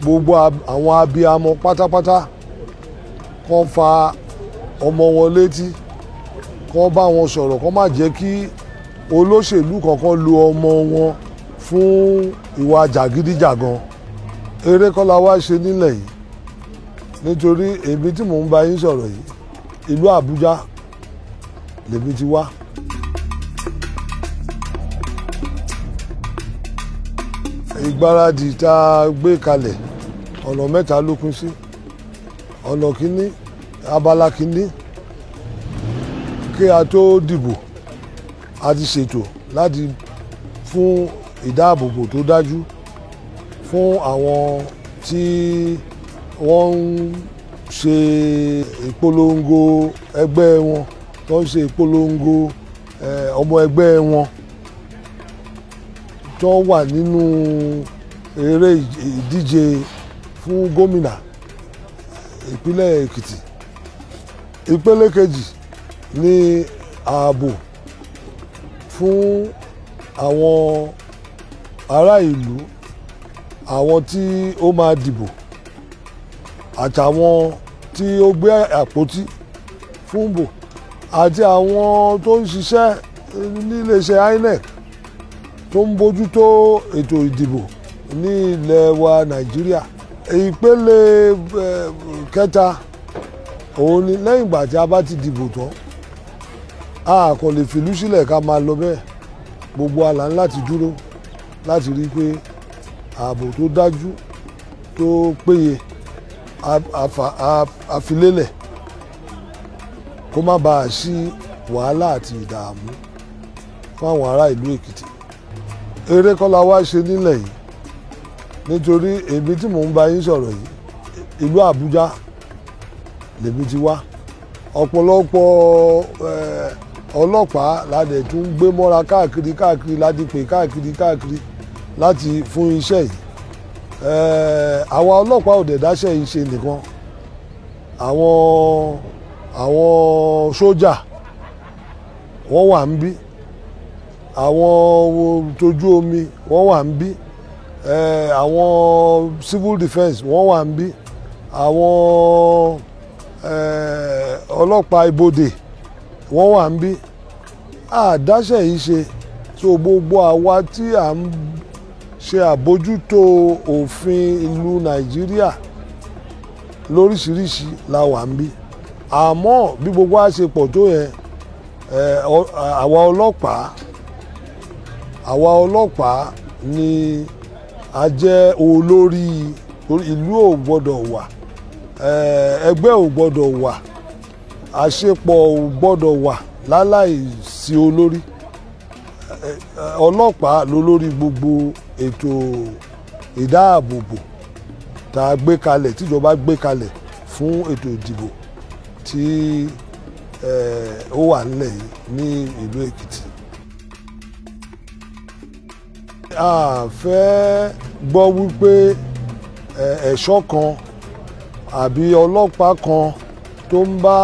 gbogbo àwọn abiyamọ pátápátá kàn fa ọmọ wọn létí kàn bá wọn sọ̀rọ̀ kàn má jẹ́ kí olóṣèlú kankan lu ọmọ wọn fún ìwà jàgídíjàgan eré kọ́lá wá ṣe nílẹ̀ yìí nítorí èmi tí mò ń bá yín sọ̀rọ̀ yìí ìlú Àbújá lèmi ti wá. ìgbáradì tá a gbé kalẹ̀ ọ̀nà mẹ́ta ló kún sí ọ̀nà kínní abala kínní kí a tó dìbò a ti ṣètò láti fún ìdáàbòbò tó dájú fún àwọn tí wọ́n ń ṣe ìpolongo ẹgbẹ́ wọn tó ń ṣe ìpolongo ọmọ ẹgbẹ́ wọn tó wà nínú eré ìdíje fún gómìnà ìpínlẹ̀ Èkìtì ìpele kejì ní ààbò fún àwọn ará ìlú àwọn tí ó máa dìbò àtàwọn tí ó gbé àpótí fúnbò àti àwọn tó ń ṣiṣẹ́ níléeṣẹ́ INEC tó ń bójútó ètò ìdìbò ní ilẹ̀ wa Nàìjíríà ìpele eh, kẹta òun ni lẹ́yìn ìgbà tí a bá ti dìbò tán a kò lè fìlú sílẹ̀ ká máa lọ bẹ́ẹ̀ gbogbo àlà ń láti dúró láti rí i pé ààbò tó dájú tó péye àfilélẹ̀ kó má bàa sí wàhálà àti ìdààmú fáwọn ará ìlú Èkìtì eré kọ́ wá ṣe nílẹ̀ yìí nítorí èmi tí mò ń bá yín sọ̀rọ̀ yìí ìlú Àbújá lèmi ti wá ọ̀pọ̀lọpọ̀ ọlọ́pàá ládẹ̀ tún gbé mọ́ra káàkiri káàkiri ládìpé káàkiri káàkiri láti fún iṣẹ́ yìí àwa ọlọ́pàá ò dẹ̀ dáṣẹ́ yìí ṣe nìkan àwọn àwọn sójà wọ́n wà ń bí àwọn tójú omi wọ́n wà ń bí àwọn civil defence wọ́n wà ń bí àwọn ọlọ́pàá ibodè wọ́n wà ń bí àdáṣe yìí ṣe so gbogbo àwa tí à ń ṣe àbójútó òfin ìlú nàìjíríà lóríṣiríṣi la wà ń bí àmọ́ bí gbogbo a ṣe pọ̀ tó yẹn àwa ọlọ́pàá àwa ọlọ́pàá ni. Eh, a jẹ́ olórí ìlú ò gbọ́dọ̀ wà eh, ẹgbẹ́ ò gbọ́dọ̀ wà àṣepọ̀ ò gbọ́dọ̀ wà láláì sí olórí eh, ọlọ́pàá lólórí gbogbo ètò ìdáàbòbò tá a gbé kalẹ̀ tíjọba gbé kalẹ̀ fún ètò ìdìbò tí eh, ó wà nílẹ̀ yìí ní ìlú Èkìtì. a fẹ́ gbọ́ wípé ẹ̀ṣọ́ kan àbí ọlọ́pàá kan tó ń bá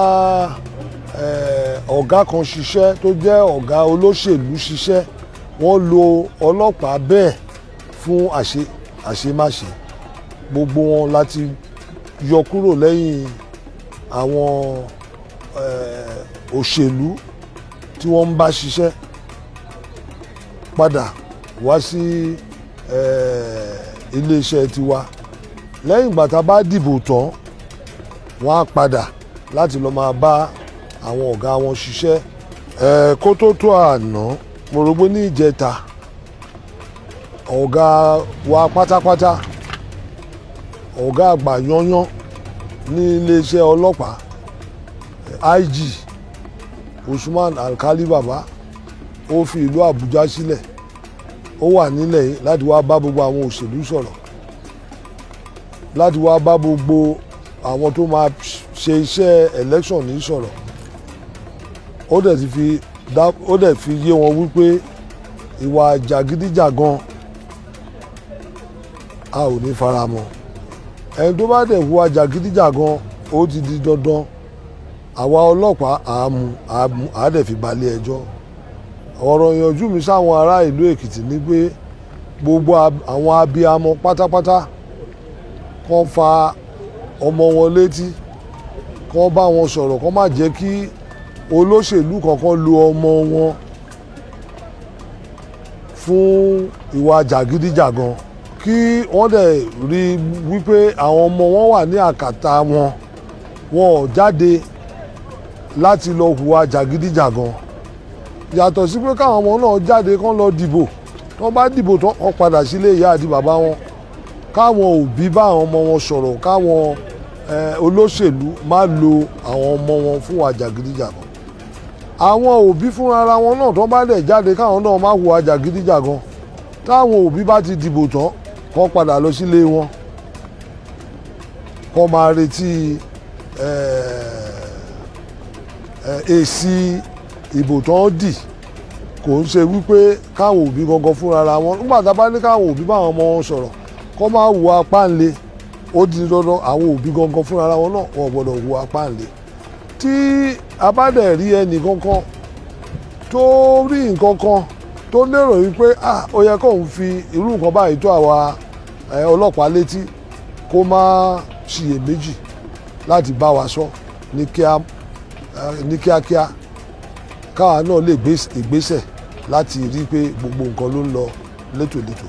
ọ̀gá kan ṣiṣẹ́ tó jẹ́ ọ̀gá olóṣèlú ṣiṣẹ́ wọ́n lo ọlọ́pàá bẹ́ẹ̀ fún àṣemáṣe gbogbo wọn láti yọ kúrò lẹ́yìn àwọn òṣèlú tí wọ́n ń bá ṣiṣẹ́ padà wá sí iléeṣẹ́ tiwa lẹ́yìn ìgbà tá a bá dìbò tán wọ́n á padà láti lọ́ọ́ máa bá àwọn ọ̀gá wọn ṣiṣẹ́ kó tó tó àná mo rò pé ní ìjẹta ọ̀gá wa pátápátá ọ̀gá àgbà yányán ní iléeṣẹ́ ọlọ́pàá IG Usman Alkali baba ó fi ìlú Àbújá sílẹ̀ si ó wà nílẹ̀ yìí láti wá bá gbogbo àwọn òṣèlú sọ̀rọ̀ láti wá bá gbogbo àwọn tó máa ṣe iṣẹ́ election ní sọ̀rọ̀ ó dẹ̀ ti fi dá ó dẹ̀ fi yé wọn wípé ìwà jàgídíjàgan a ò ní fara ẹni tó bá dẹ̀ hùwà jàgídíjàgan ó ti di dandan àwa ọlọ́pàá àá mú àá dẹ̀ fi balẹ̀ ẹjọ́. E ọ̀rọ̀ ìyànjú mi sáwọn ará ìlú èkìtì ni pé gbogbo àwọn abiyamọ pátápátá kan fa ọmọ wọn létí kan bá wọn sọ̀rọ̀ kan má jẹ́ kí olóṣèlú kankan lo ọmọ wọn fún ìwà jàgídíjàgan kí wọ́n dẹ̀ rí wípé àwọn ọmọ wọn wà ní àkàtà wọn wọn ò jáde láti lọ hùwà jàgídíjàgan yàtọ̀ sí pé káwọn ọmọ náà jáde kán lọ dìbò tó bá dìbò tó kàn padà sílé ìyá àti bàbá wọn káwọn òbí bá àwọn ọmọ wọn sọ̀rọ̀ káwọn olóṣèlú má lo àwọn ọmọ wọn fún wa jàgídíjàgan àwọn òbí fúnra ara wọn náà tó bá dẹ̀ jáde káwọn náà má hùwà jàgídíjàgan táwọn òbí bá ti dìbò tán kán padà lọ sílé wọn kán máa retí èsì ìbò tán dì kò ń ṣe wípé káwọn òbí gangan fúnra ra wọn nígbà tá a bá ní káwọn òbí báwọn ọmọ wọn sọ̀rọ̀ kó máa wo apá ńlẹ̀ ó di dandan àwọn òbí gangan fúnra ra wọn náà wọn gbọ́dọ̀ wo apá ńlẹ̀ tí a bá dẹ̀ rí ẹnì kankan tó rí nǹkan kan tó lérò wípé ah ó yẹ kóun fi irú nǹkan báyìí tó àwa ọlọ́pàá létí kó má ṣiyèméjì láti bá wa sọ ní kíákíá káwa náà lè gbé ìgbésẹ̀ láti rí i pé gbogbo nǹkan ló ń lọ létòlétò.